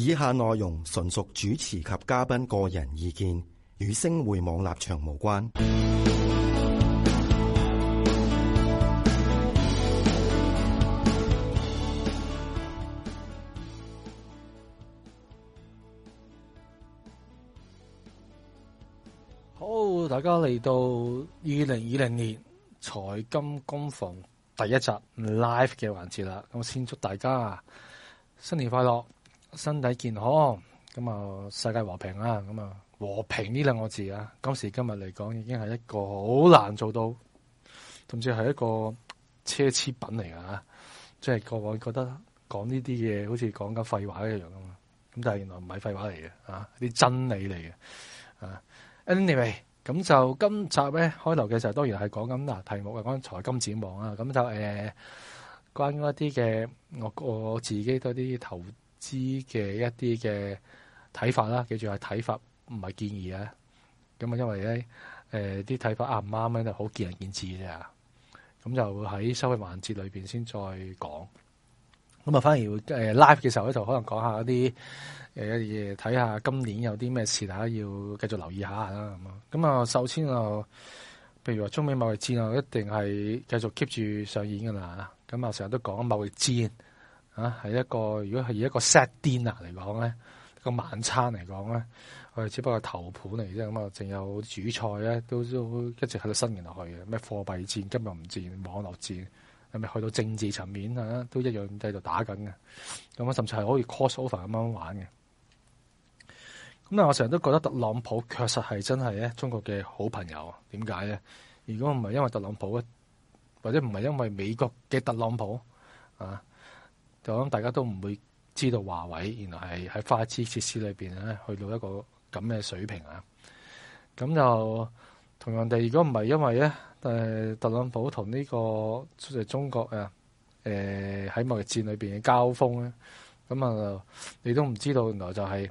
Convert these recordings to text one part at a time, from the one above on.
以下內容純屬主持及嘉賓個人意見，與星匯網立場無關。好，大家嚟到二零二零年財金工房第一集 live 嘅環節啦！咁先祝大家新年快樂。身體健康，咁啊，世界和平啦，咁啊，和平呢兩個字啊，今時今日嚟講已經係一個好難做到，甚至係一個奢侈品嚟嘅嚇。即係個我覺得講呢啲嘢好似講緊廢話一樣啊嘛。咁但係原來唔係廢話嚟嘅啊，啲真理嚟嘅啊。Anyway，咁就今集咧開頭嘅時候，當然係講緊嗱題目係講財金展望啊。咁就誒，eh, 關於一啲嘅我我自己都啲頭。知嘅一啲嘅睇法啦，記住係睇法，唔係建議啊。咁啊，因為咧，誒啲睇法啱唔啱咧，好見仁見智嘅啫。咁就喺收費環節裏邊先再講。咁啊，反而會誒、呃、live 嘅時候咧，就可能講下嗰啲誒嘢，睇、呃、下今年有啲咩事，大家要繼續留意一下啦。咁啊，首先啊，譬如話中美貿易戰啊，一定係繼續 keep 住上演噶啦。咁啊，成日都講貿易戰。係一個如果係以一個 set dinner 嚟講咧，個晚餐嚟講咧，我哋只不過頭盤嚟啫。咁啊，仲有主菜咧，都都一直喺度新嘅落去嘅，咩貨幣戰、金融戰、戰、網絡戰，係咪去到政治層面啊，都一樣喺度打緊嘅，咁啊，甚至係可以 cross over 咁樣玩嘅。咁啊，我成日都覺得特朗普確實係真係咧，中國嘅好朋友，點解咧？如果唔係因為特朗普或者唔係因為美國嘅特朗普啊？大家都唔會知道華為原來係喺花枝設施裏面咧去到一個咁嘅水平啊！咁就同樣地，如果唔係因為咧，特朗普同呢、這個、就是、中國喺呃、貿易戰裏面嘅交鋒咧，咁啊你都唔知道原來就係、是、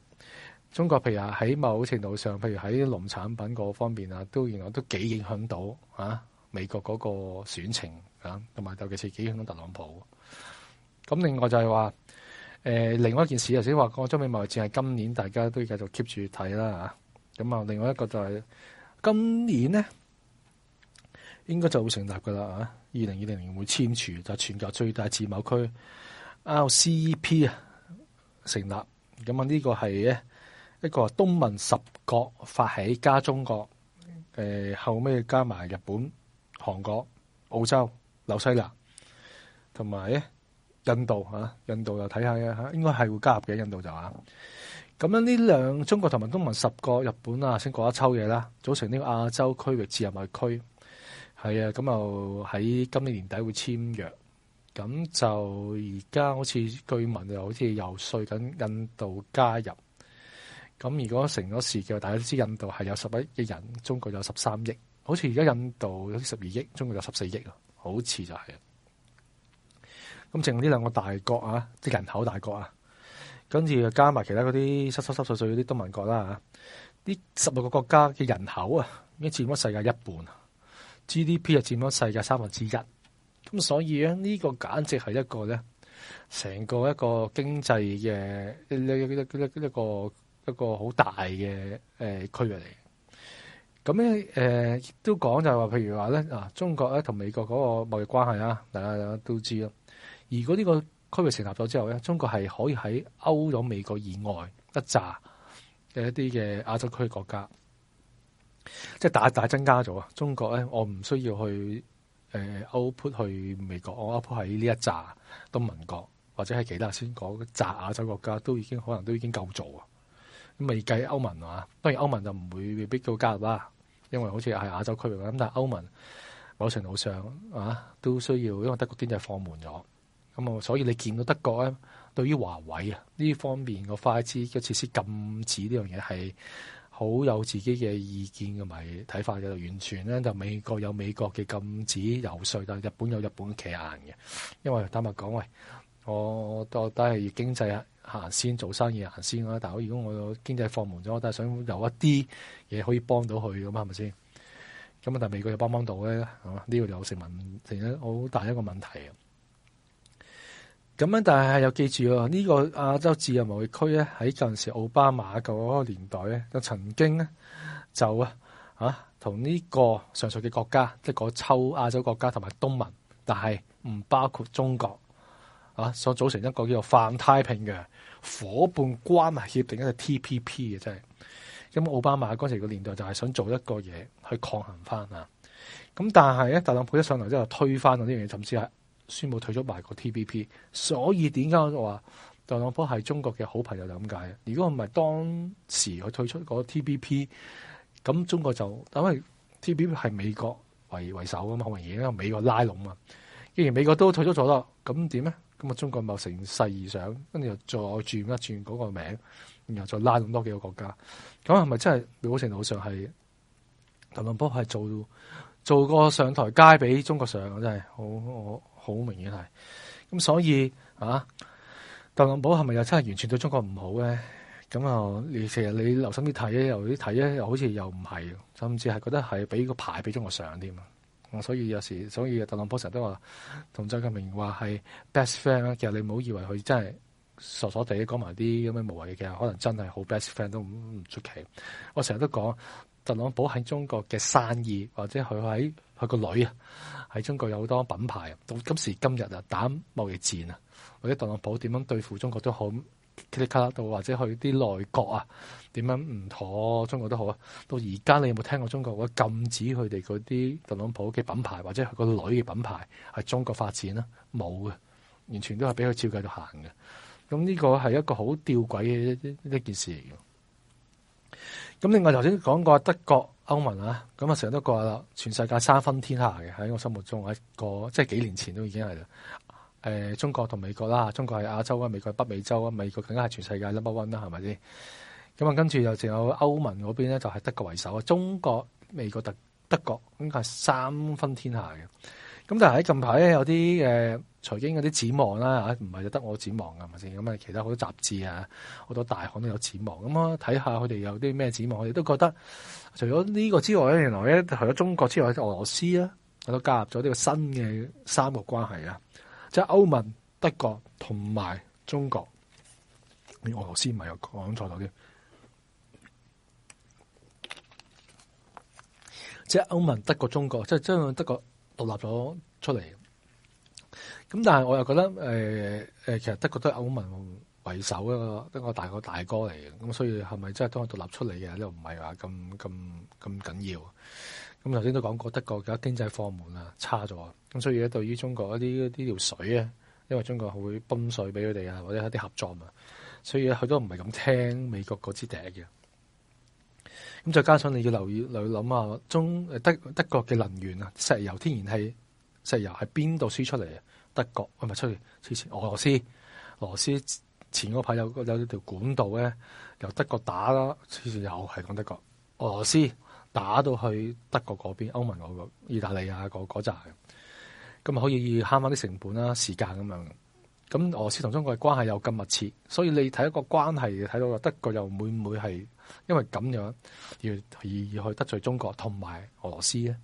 中國譬如喺某程度上，譬如喺農產品嗰方面啊，都原來都幾影響到啊美國嗰個選情啊，同埋尤其是幾影響到特朗普。咁另外就係話，誒、呃，另外一件事頭先話講中美貿易戰係今年，大家都要繼續 keep 住睇啦啊。咁啊，另外一個就係、是、今年呢，應該就會成立噶啦啊。二零二零年會簽署就是、全球最大自貿區 RCEP 啊，RCP、成立。咁啊，呢、這個係咧一個東盟十國發起加中國，誒、啊、後尾加埋日本、韓國、澳洲、紐西蘭同埋咧。印度嚇，印度又睇下嘅嚇，應該係會加入嘅。印度就啊，咁樣呢兩中國同埋東盟十個日本啊，先過一抽嘢啦，組成呢個亞洲區域自由貿易區。係啊，咁又喺今年年底會簽約，咁就而家好似據聞又好似游說緊印度加入。咁如果成咗事嘅，大家知印度係有十一億人，中國有十三億，好似而家印度有十二億，中國有十四億啊，好似就係、是咁剩呢兩個大國啊，即係人口大國啊，跟住加埋其他嗰啲濕濕濕碎碎嗰啲東盟國啦，嚇呢十六個國家嘅人口啊，已經佔咗世界一半，G D P 又佔咗世界三分之一。咁所以咧，呢個簡直係一個咧，成個一個經濟嘅一個一個好大嘅區域嚟。咁咧都講就係話，譬如話咧啊，中國咧同美國嗰個貿易關係啊，大家都知啦。而如果呢個區域成立咗之後咧，中國係可以喺歐咗美國以外一紮嘅一啲嘅亞洲區國家，即係大大增加咗啊！中國咧，我唔需要去 output 去美國，我 output 喺呢一紮東盟國或者係其他先講紮亞洲國家，都已經可能都已經夠做啊！未計歐盟啊，當然歐盟就唔會被逼到加入啦，因為好似係亞洲區域咁，但係歐盟某程度上啊都需要，因為德國經濟放緩咗。咁、嗯、啊，所以你見到德國咧，對於華為啊呢方面個快捷嘅設施禁止呢樣嘢係好有自己嘅意見同埋睇法嘅，完全咧就美國有美國嘅禁止遊說，但日本有日本嘅企限嘅。因為坦白講，喂，我我都係經濟行先，做生意行先啦。但係如果我的經濟放緩咗，我都係想有一啲嘢可以幫到佢咁，係咪先？咁啊，但係美國又幫幫到咧，係、嗯、嘛？呢、呢個又成問成咗好大一個問題啊！咁樣，但係又記住喎，呢個亞洲自由貿易區咧，喺嗰陣時奧巴馬嗰個年代咧，就曾經咧就啊啊同呢個上述嘅國家，即係個抽亞洲國家同埋東盟，但係唔包括中國啊，所組成一個叫做泛太平洋伙伴關係協定一個 T P P 嘅，真係。咁奧巴馬嗰時個年代就係想做一個嘢去抗衡翻啊，咁但係咧，特朗普一上嚟之後推翻咗呢樣嘢，甚至係。宣布退出埋個 T B P，所以點解我話特朗普係中國嘅好朋友就咁解？如果唔係當時佢退出個 T B P，咁中國就因為 T B P 係美國為，為首咁啊，好容易咧美國拉攏嘛。既然美國都退出咗啦，咁點咧？咁啊，中國咪乘勢而上，跟住又再轉一轉嗰個名，然後再拉攏多幾個國家，咁係咪真係某程度上係特朗普係做做個上台階俾中國上？真係好我。我好明顯係，咁所以啊，特朗普係咪又真係完全對中國唔好咧？咁啊，你其實你留心啲睇咧，有啲睇咧，又好似又唔係，甚至係覺得係俾個牌俾中國上添啊！所以有時，所以特朗普成日都話同習近平話係 best friend 啦。其實你唔好以為佢真係傻傻地講埋啲咁嘅無謂嘅可能真係好 best friend 都唔出奇。我成日都講特朗普喺中國嘅生意或者佢喺。佢個女啊，喺中國有好多品牌，到今時今日啊，打貿易戰啊，或者特朗普點樣對付中國都好，噼卡啦到或者去啲內閣啊，點樣唔妥中國都好啊。到而家你有冇聽過中國會禁止佢哋嗰啲特朗普嘅品牌，或者佢個女嘅品牌喺中國發展啊？冇嘅，完全都係俾佢照繼續行嘅。咁呢個係一個好吊詭嘅一一件事嚟。咁另外頭先講過德國歐盟啊，咁啊成日都講啦，全世界三分天下嘅，喺我心目中，一個即係幾年前都已經係啦，誒中國同美國啦，中國係亞洲啊，美國係北美洲啊，美國更加係全世界 number one 啦，係咪先？咁啊跟住又仲有歐盟嗰邊咧，就係、是、德國為首啊，中國、美國、德德國應該係三分天下嘅。咁但係喺近排咧有啲誒財經嗰啲展望啦嚇，唔係就得我展望係咪先咁啊？其他好多雜誌啊，好多大刊都有展望。咁我睇下佢哋有啲咩展望，我哋都覺得除咗呢個之外咧，原來咧除咗中國之外，俄羅斯咧我都加入咗呢個新嘅三個關係啊，即係歐盟、德國同埋中國。你啊，俄羅斯唔係有講錯咗啲？即係歐盟、德國、中國，即係將德國獨立咗出嚟，咁但係我又覺得誒誒、呃，其實德國都係歐盟為首一個，德國大個大哥嚟嘅，咁所以係咪真係當獨立出嚟嘅呢？唔係話咁咁咁緊要。咁頭先都講過，德國而家經濟放緩啦，差咗，咁所以咧對於中國一啲啲條水啊，因為中國會泵水俾佢哋啊，或者一啲合作啊，所以佢都唔係咁聽美國嗰支笛嘅。咁再加上你要留意、留意諗下，中德德國嘅能源啊，石油、天然氣、石油喺邊度輸出嚟？德國啊，咪出嚟，之前俄羅斯，俄羅斯前嗰排有有條管道咧，由德國打啦，次次又係講德國，俄羅斯打到去德國嗰邊，歐盟嗰個意大利啊嗰嗰站咁可以慳翻啲成本啦、時間咁樣。咁俄羅斯同中國嘅關係又咁密切，所以你睇一個關係，睇到德國又會唔會係？因為咁樣要要要去得罪中國同埋俄羅斯咧，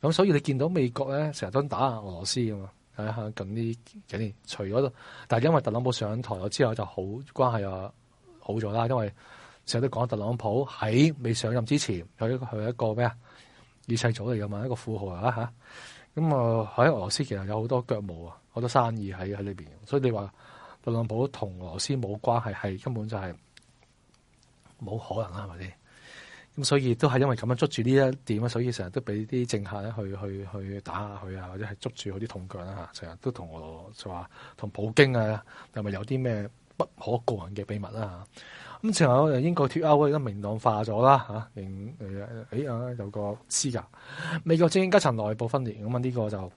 咁所以你見到美國咧成日都打俄羅斯噶嘛，吓咁呢幾年。除咗，但係因為特朗普上台咗之後就好關係啊好咗啦，因為成日都講特朗普喺未上任之前，佢佢一個咩啊，二世祖嚟噶嘛，一個富豪啊吓。咁啊喺俄羅斯其實有好多腳毛啊，好多生意喺喺裏邊。所以你話特朗普同俄羅斯冇關係，係根本就係、是。冇可能啦，係咪先？咁所以都係因為咁樣捉住呢一點啊，所以成日都俾啲政客咧去去去打下佢啊，或者係捉住佢啲痛腳啦吓，成日都同我就話同普京啊，係咪有啲咩不可告人嘅秘密啦吓？咁前後英國脫歐而家明朗化咗啦吓，誒啊、哎、有個撕格，美國精英階層內部分裂，咁啊呢個就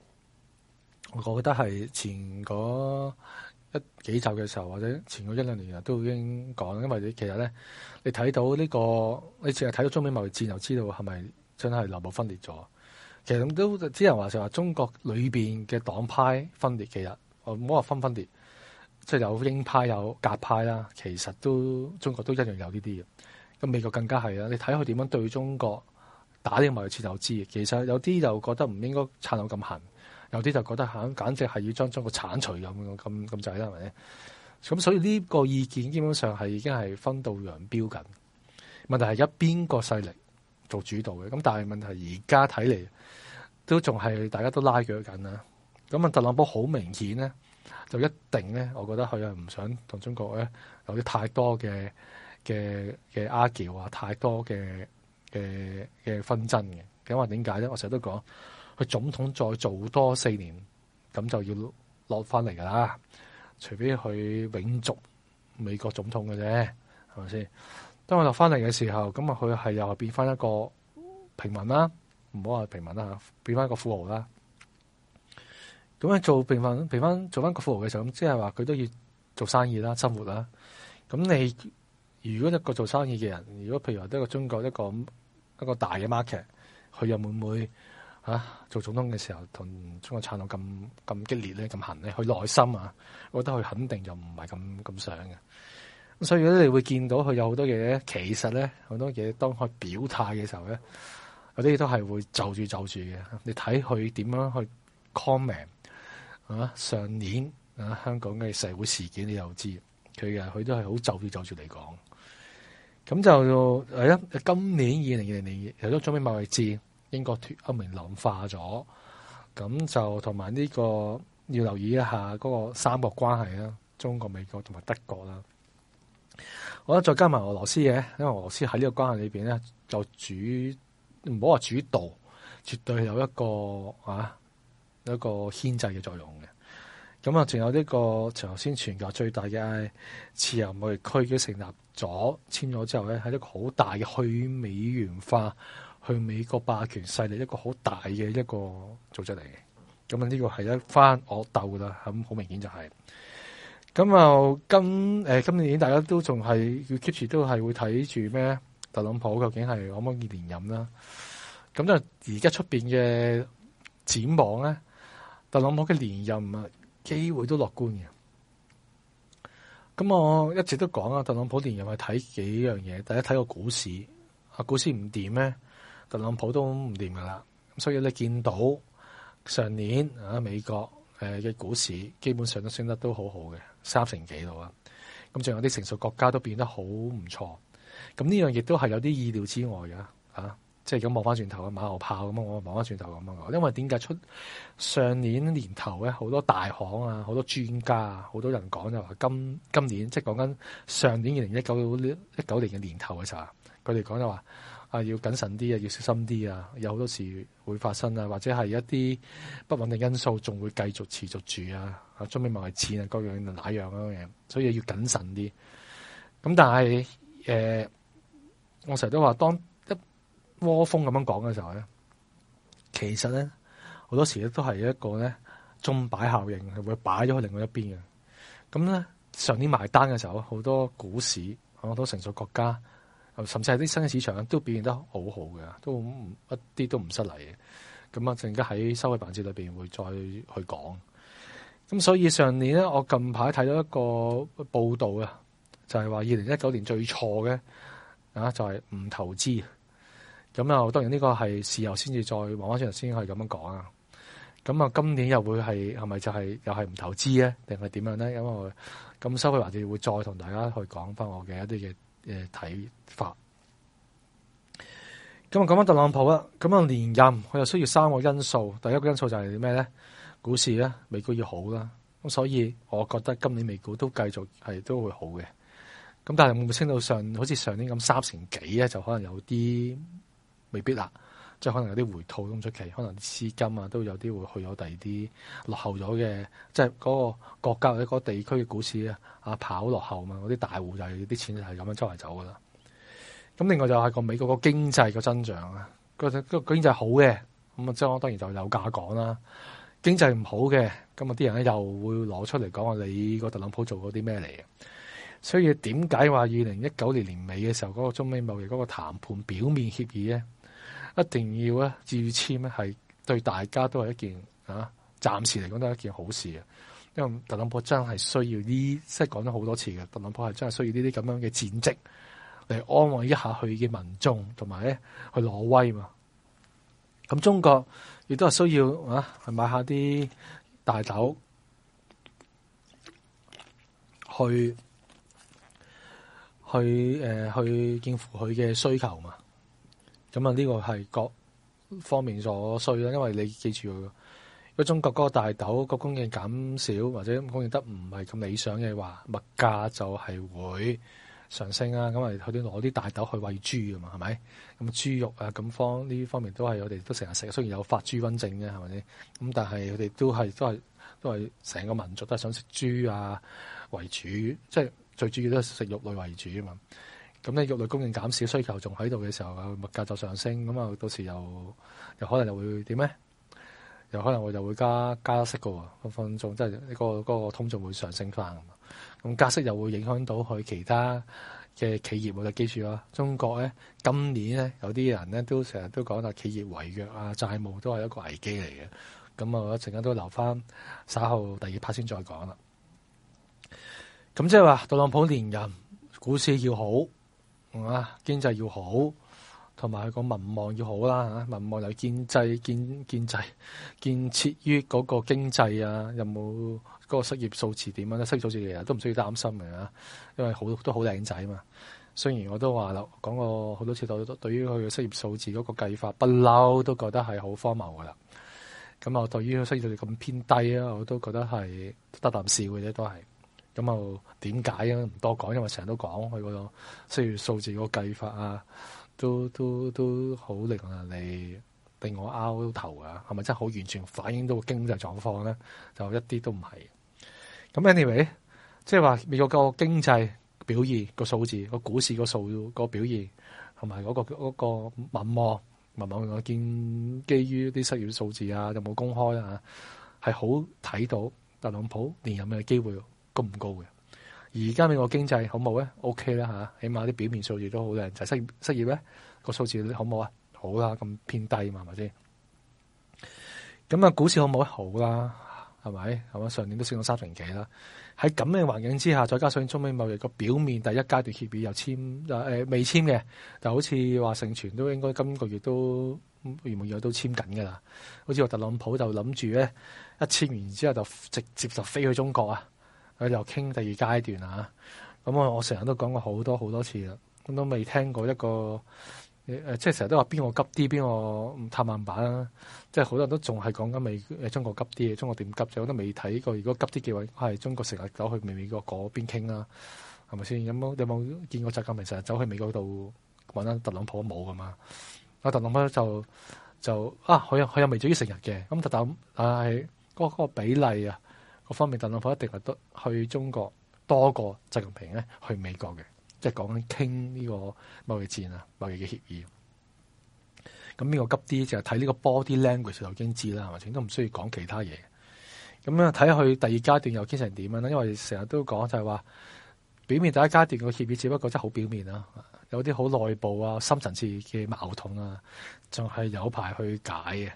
我覺得係前個。一幾集嘅時候，或者前嗰一兩年啊，都已經講，因為你其實咧，你睇到呢個，你淨係睇到中美貿易戰，就知道係咪真係流部分裂咗？其實都只能話就話中國裏面嘅黨派分裂，其實我唔好話分分裂，即係有鷹派有鴿派啦，其實都中國都一樣有呢啲嘅。咁美國更加係啦，你睇佢點樣對中國打呢個貿易戰就知。其實有啲就覺得唔應該撐到咁行有啲就覺得簡直係要將中國剷除咁樣咁咁濟啦，係咪？咁所以呢個意見基本上係已經係分道揚鑣緊。問題係一邊個勢力做主導嘅？咁但係問題而家睇嚟都仲係大家都拉鋸緊啦。咁啊，特朗普好明顯咧，就一定咧，我覺得佢又唔想同中國咧有啲太多嘅嘅嘅拗撬啊，argue，太多嘅嘅嘅紛爭嘅。咁話點解咧？我成日都講。佢總統再做多四年，咁就要落翻嚟噶啦。除非佢永續美國總統嘅啫，係咪先？當佢落翻嚟嘅時候，咁啊，佢係又變翻一個平民啦，唔好話平民啦吓，變翻一個富豪啦。咁樣做平民，平翻做翻個富豪嘅時候，咁即係話佢都要做生意啦，生活啦。咁你如果一個做生意嘅人，如果譬如話得一個中國一個一個大嘅 market，佢又會唔會？做總統嘅時候同中國撐到咁咁激烈咧，咁行咧，佢內心啊，我覺得佢肯定就唔係咁咁想嘅。所以咧，你會見到佢有好多嘢咧，其實咧，好多嘢當佢表態嘅時候咧，有啲嘢都係會就住就住嘅。你睇佢點樣去 comment 啊？上年啊，香港嘅社會事件你又知，佢嘅佢都係好就住就住嚟講。咁就係啦，啊，今年二零二零年，又都準備埋位置。英國脫歐明朗化咗，咁就同埋呢個要留意一下嗰個三國關係啦，中國、美國同埋德國啦。我覺得再加埋俄羅斯嘅，因為俄羅斯喺呢個關係裏面咧，就主唔好話主導，絕對有一個啊有一個牽制嘅作用嘅。咁啊、這個，仲有呢個前頭先全球最大嘅自由貿易區嘅成立咗，簽咗之後咧，係一個好大嘅去美元化。去美國霸權勢力一個好大嘅一個組織嚟，嘅。咁啊呢個係一番惡鬥啦，咁好明顯就係、是。咁又今、呃、今年大家都仲係，佢 keep 住都係會睇住咩？特朗普究竟係可唔可以連任啦？咁就而家出面嘅展望咧，特朗普嘅連任啊機會都樂觀嘅。咁我一直都講啦，特朗普連任係睇幾樣嘢，第一睇個股市，啊股市唔掂咩？特朗普都唔掂噶啦，咁所以你見到上年啊美國嘅股市基本上都升得都好好嘅，三成幾度啊。咁仲有啲成熟國家都變得好唔錯。咁呢樣亦都係有啲意料之外㗎吓。即係咁望翻轉頭啊，馬後炮咁樣，我望翻轉頭咁樣。因為點解出上年年頭咧，好多大行啊、好多專家啊、好多人講就話今今年，即係講緊上年二零一九一九年嘅年頭嘅時候，佢哋講就話。啊，要謹慎啲啊，要小心啲啊，有好多事會發生啊，或者係一啲不穩定因素，仲會繼續持續住啊，仲要埋錢啊，各樣那樣嗰種嘢，所以要謹慎啲。咁但係誒、啊，我成日都話，當一窩蜂咁樣講嘅時候咧，其實咧好多時咧都係一個咧鐘擺效應，係會擺咗去另外一邊嘅。咁咧上年埋單嘅時候，好多股市我都成熟國家。甚至係啲新嘅市場都表現得好好嘅，都唔一啲都唔失禮嘅。咁啊，陣間喺收尾環節裏邊會再去講。咁所以上年咧，我近排睇到一個報導啊，就係話二零一九年最錯嘅啊，就係唔投資。咁啊，當然呢個係事後先至再話翻出嚟先可以咁樣講啊。咁啊，今年又會係係咪就係、是、又係唔投資咧？定係點樣咧？因為咁收尾環節會再同大家去講翻我嘅一啲嘅。誒，睇法，咁啊，講翻特朗普啦，咁啊連任，佢又需要三個因素。第一個因素就係咩咧？股市咧，美股要好啦。咁所以我覺得今年美股都繼續係都會好嘅。咁但係會唔會升到上？好似上年咁三成幾咧，就可能有啲未必啦。即係可能有啲回吐都唔出奇，可能啲資金啊都有啲會去咗第二啲落後咗嘅，即係嗰個國家或者嗰個地區嘅股市啊，啊跑落後嘛，嗰啲大戶就係、是、啲錢就係咁樣出嚟走噶啦。咁另外就係個美國個經濟個增長啊，個經濟好嘅，咁啊即當然就有價講啦。經濟唔好嘅，咁啊啲人咧又會攞出嚟講話你個特朗普做咗啲咩嚟嘅。所以點解話二零一九年年尾嘅時候嗰、那個中美貿易嗰個談判表面協議咧？一定要咧，至於簽咧，係對大家都係一件啊，暫時嚟講都係一件好事嘅。因為特朗普真係需要呢，即係講咗好多次嘅，特朗普係真係需要呢啲咁樣嘅戰績嚟安慰一下佢嘅民眾，同埋咧去攞威嘛。咁中國亦都係需要啊，去買下啲大豆去去誒、呃、去應付佢嘅需求嘛。咁啊，呢個係各方面所需啦，因為你記住，中國嗰個大豆個供應減少或者供應得唔係咁理想嘅話，物價就係會上升啦。咁啊，佢哋攞啲大豆去餵豬㗎嘛，係咪？咁豬肉啊，咁方呢方面都係我哋都成日食，雖然有發豬瘟症嘅係咪？咁但係佢哋都係都係都係成個民族都係想食豬啊為主，即係最主要都係食肉類為主啊嘛。咁呢肉類供應減少，需求仲喺度嘅時候，物價就上升。咁啊，到時又又可能又會點呢？又可能我就會加加息㗎喎，放鬆即係嗰個嗰個通脹會上升翻。咁加息又會影響到佢其他嘅企業。我哋記住啦，中國咧今年咧有啲人咧都成日都講話企業違約啊、債務都係一個危機嚟嘅。咁啊，一陣間都留翻稍後第二 part 先再講啦。咁即係話，特朗普連任，股市要好。啊，經濟要好，同埋佢個民望要好啦嚇。民望又建制建建制，建設於嗰個經濟啊，有冇嗰個失業數字點樣咧？失業數字其實都唔需要擔心嘅嚇，因為好都好靚仔嘛。雖然我都話啦，講過好多次，對對於佢嘅失業數字嗰個計法，不嬲都覺得係好荒謬噶啦。咁啊，對於失業率咁偏低啊，我都覺得係得啖笑嘅啫，都係。都咁啊，點解啊？唔多講，因為成日都講佢嗰種失業數字嗰個計法啊，都都都好令啊，嚟令我拗頭啊，係咪真係好完全反映到經濟狀況咧？就一啲都唔係。咁 anyway 即係話美國個經濟表現、嗰個數字、嗰個股市數、嗰個數表現，同埋嗰個嗰、嗰個民望、民望我見基於啲失業數字啊，又有冇公開啊？係好睇到特朗普連任嘅機會。咁唔高嘅，而家美國經濟好冇咧？O K 啦，吓、OK、起碼啲表面數字都好靚。就失、是、失業咧個數字好冇啊？好啦，咁偏低嘛，係咪先？咁啊，股市好冇好啦，係咪係嘛？上年都升到三成幾啦。喺咁嘅環境之下，再加上中美貿易個表面第一階段協議又簽誒、呃，未簽嘅，就好似話成全都應該今個月都原本又都簽緊噶啦。好似話特朗普就諗住咧一簽完之後就直接就飛去中國啊。佢又傾第二階段啊！咁啊，我成日都講過好多好多次啦，咁都未聽過一個誒即係成日都話邊個急啲，邊個探慢板啊！即係好多人都仲係講緊未誒中國急啲嘅，中國點急？我都未睇過。如果急啲嘅話，係中國成日走去美美國嗰邊傾啦，係咪先？有冇有冇見過習近平成日走去美國度揾啊特朗普冇噶嘛？啊，特朗普就就啊，佢佢又未至於成日嘅。咁特等但係嗰嗰個比例啊～各方面，特朗普一定係去中國多過習近平咧，去美國嘅，即係講緊傾呢個貿易戰啊，貿易嘅協議。咁呢個急啲就係睇呢個 body language 就已經知啦，係咪？都唔需要講其他嘢。咁樣睇去第二階段又傾成點樣啦？因為成日都講就係話表面第一階段嘅協議，只不過真係好表面啦，有啲好內部啊、深層次嘅矛盾啊，仲係有排去解嘅。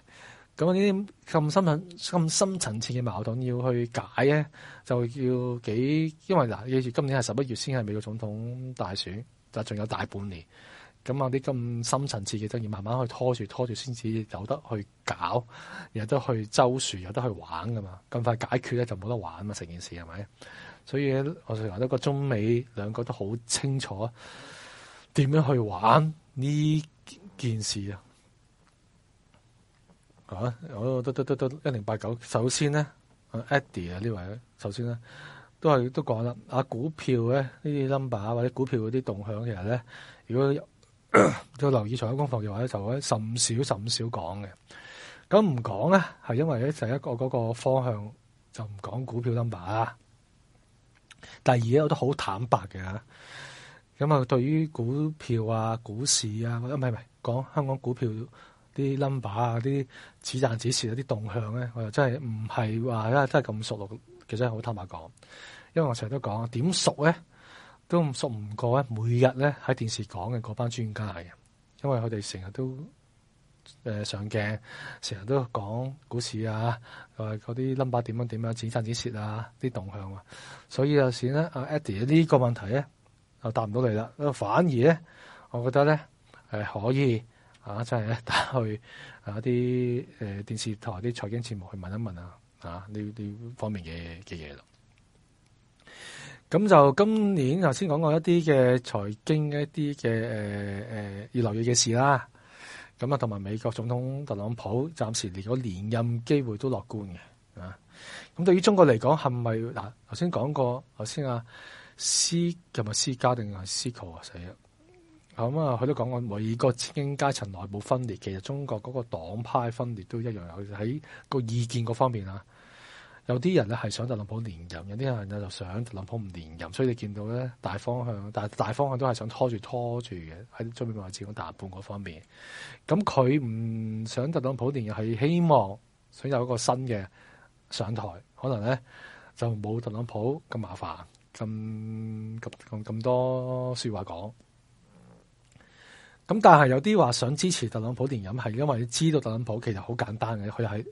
咁呢啲咁深、咁深層次嘅矛盾要去解咧，就要幾，因為嗱，今年係十一月先係美國總統大選，就仲有大半年。咁啊啲咁深層次嘅都要慢慢去拖住、拖住先至有得去搞，有得去周旋，有得去玩噶嘛。咁快解決咧就冇得玩嘛，成件事係咪？所以我就覺得個中美兩個都好清楚點樣去玩呢件事啊。啊！我都都都都一零八九。首先呢 Eddie 啊呢位，首先呢，都係都講啦。啊股票咧呢啲 number 或者股票嗰啲動向，其實咧，如果要留意財金工房嘅話咧，就可以甚少甚少講嘅。咁唔講咧，係因為咧就是、一個嗰、嗰個方向就唔講股票 number 啊。但係而家我都好坦白嘅，咁啊對於股票啊股市啊，唔係唔係講香港股票。啲 number 啊，啲指賺指蝕啲動向咧，我又真係唔係話，真係咁熟咯，其實好坦白講，因為我成日都講，點熟咧都唔熟唔過咧，每日咧喺電視講嘅嗰班專家嚟嘅，因為佢哋成日都、呃、上鏡，成日都講股市啊，嗰啲 number 點樣點樣指賺指蝕啊，啲動向啊，所以有時咧，阿 Eddie 呢個問題咧就答唔到你啦，反而咧，我覺得咧係、呃、可以。啊，即係打去啊一啲誒電視台啲財經節目去問一問一啊，啊呢呢方面嘅嘅嘢咯。咁就今年頭先講過一啲嘅財經一啲嘅誒誒要留意嘅事啦。咁啊，同埋美國總統特朗普暫時連個連任機會都樂觀嘅。啊，咁對於中國嚟講係咪嗱？頭先講過，頭先啊 c 今咪 c 家定係 c 啊？是是死咁、嗯、啊，佢都講過每個精英階層內部分裂，其實中國嗰個黨派分裂都一樣有喺個意見嗰方面啊。有啲人咧係想特朗普連任，有啲人呢就想特朗普唔連任。所以你見到咧大方向，但係大方向都係想拖住拖住嘅喺中美外資共大半個方面。咁佢唔想特朗普連任，係希望想有一個新嘅上台，可能咧就冇特朗普咁麻煩，咁咁咁多説話講。咁但係有啲話想支持特朗普連任，係因為你知道特朗普其實好簡單嘅，佢係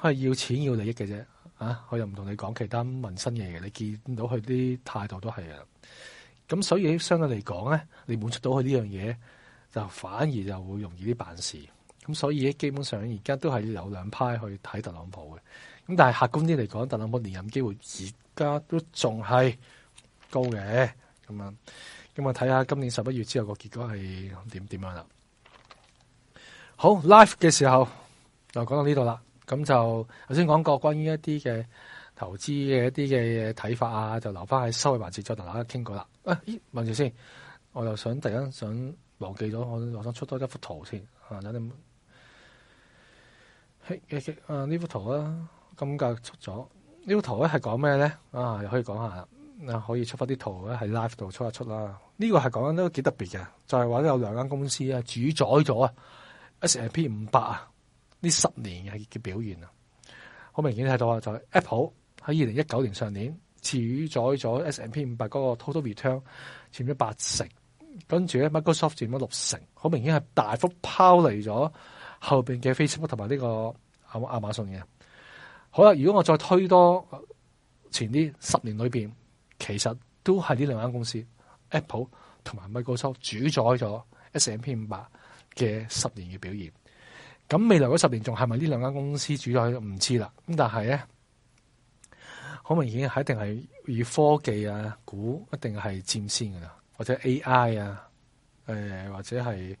佢係要錢要利益嘅啫。啊，佢又唔同你講其他民生嘅嘢，你見到佢啲態度都係啊。咁所以相對嚟講咧，你滿足到佢呢樣嘢，就反而就會容易啲辦事。咁所以基本上而家都係有兩派去睇特朗普嘅。咁但係客觀啲嚟講，特朗普連任機會而家都仲係高嘅咁樣。咁啊，睇下今年十一月之後個結果係點點樣啦。樣好，live 嘅時候就講到呢度啦。咁就頭先講過關於一啲嘅投資嘅一啲嘅睇法啊，就留翻喺收尾環節再同大家傾過啦，啊。咦，問住先，我又想突然間想忘記咗，我我想出多一幅圖先啊。等你，呢幅圖啦，今屆出咗呢幅圖咧係講咩咧？啊，又可以講下啦，啊，可以出翻啲圖咧，喺 live 度出一出啦。呢、個係講緊都幾特別嘅，就係話有兩間公司啊，主宰咗啊 S and P 五百啊，呢十年嘅嘅表現啊，好明顯睇到啊，就係 Apple 喺二零一九年上年主宰咗 S and P 五百嗰個 total return 佔咗八成，跟住咧 Microsoft 佔咗六成，好明顯係大幅拋離咗後邊嘅 Facebook 同埋呢個阿阿馬遜嘅。好啦，如果我再推多前啲十年裏邊，其實都係呢兩間公司。Apple 同埋 Microsof 主宰咗 S M P 五百嘅十年嘅表現。咁未來嗰十年仲係咪呢兩間公司主宰，唔知啦。咁但係咧，好明顯係一定係以科技啊股一定係佔先噶啦，或者 A I 啊、呃，或者係誒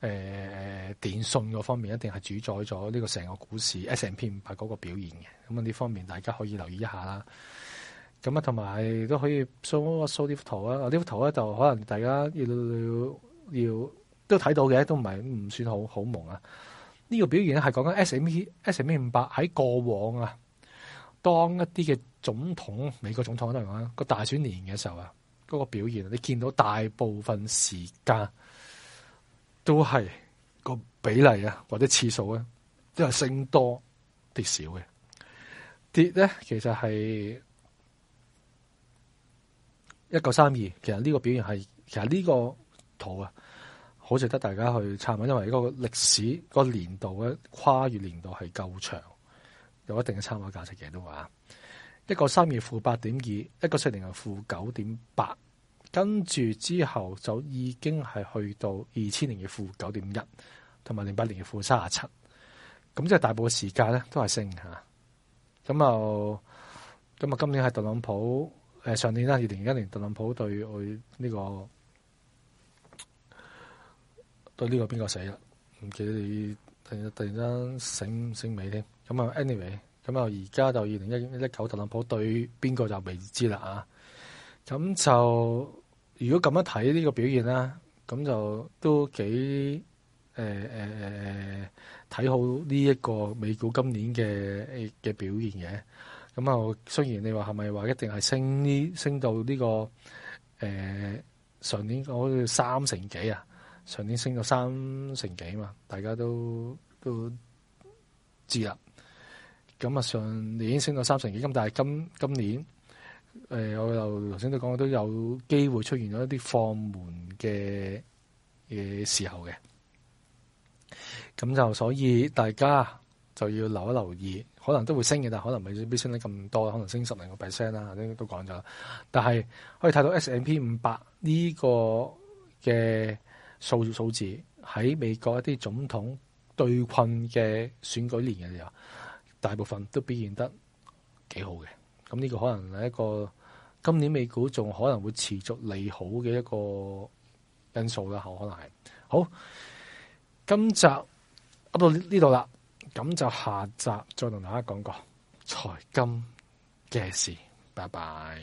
誒電信嗰方面一定係主宰咗呢個成個股市 S M P 五百嗰個表現嘅。咁啊呢方面大家可以留意一下啦。咁啊，同埋都可以 show show lift 圖啊。lift 圖咧、啊，就可能大家要要都睇到嘅，都唔係唔算好好矇啊。呢、呢個表現咧，係講緊 S M P S M P 五百喺過往啊。當一啲嘅總統，美國總統嚟講啦，個大選年嘅時候啊，嗰、嗰個表現你見到大部分時間都係個比例啊，或者次數咧、啊、都係升多跌少嘅，跌咧，其實係。一九三二，其實呢個表現係，其實呢個圖啊，好值得大家去參考，因為呢個歷史個年度嘅跨越年度係夠長，有一定嘅參考價值嘅都話，一九三二負八點二，一九四零係負九點八，跟住之後就已經係去到二千年負九點一，同埋零八年嘅負三十七，咁即係大部分時間咧都係升吓，咁啊，咁啊，今年係特朗普。誒上年啦，二零一年特朗普對佢呢個對呢個邊個死啦？唔記得，突突然間醒醒未添。咁啊，anyway，咁啊，而家就二零一一九特朗普對邊個就未知啦啊！咁就如果咁樣睇呢個表現啦，咁就都幾誒誒誒睇好呢一個美股今年嘅嘅、欸、表現嘅。咁啊，雖然你話係咪話一定係升呢？升到呢個誒上年好似三成幾啊，上年升到三成幾嘛，大家都都知啦。咁啊，上年已經升到三成幾，咁但係今今年誒，我又頭先都講都有機會出現咗一啲放門嘅嘅時候嘅。咁就所以大家，就要留一留意，可能都會升嘅，但可能未必升得咁多，可能升十零個 percent 啦，都講咗。但係可以睇到 S&P 五百呢個嘅數數字喺美國一啲總統對困嘅選舉年嘅時候，大部分都表現得幾好嘅。咁呢個可能係一個今年美股仲可能會持續利好嘅一個因素啦，可能係好。今集我到呢度啦。咁就下集再同大家講個財金嘅事，拜拜。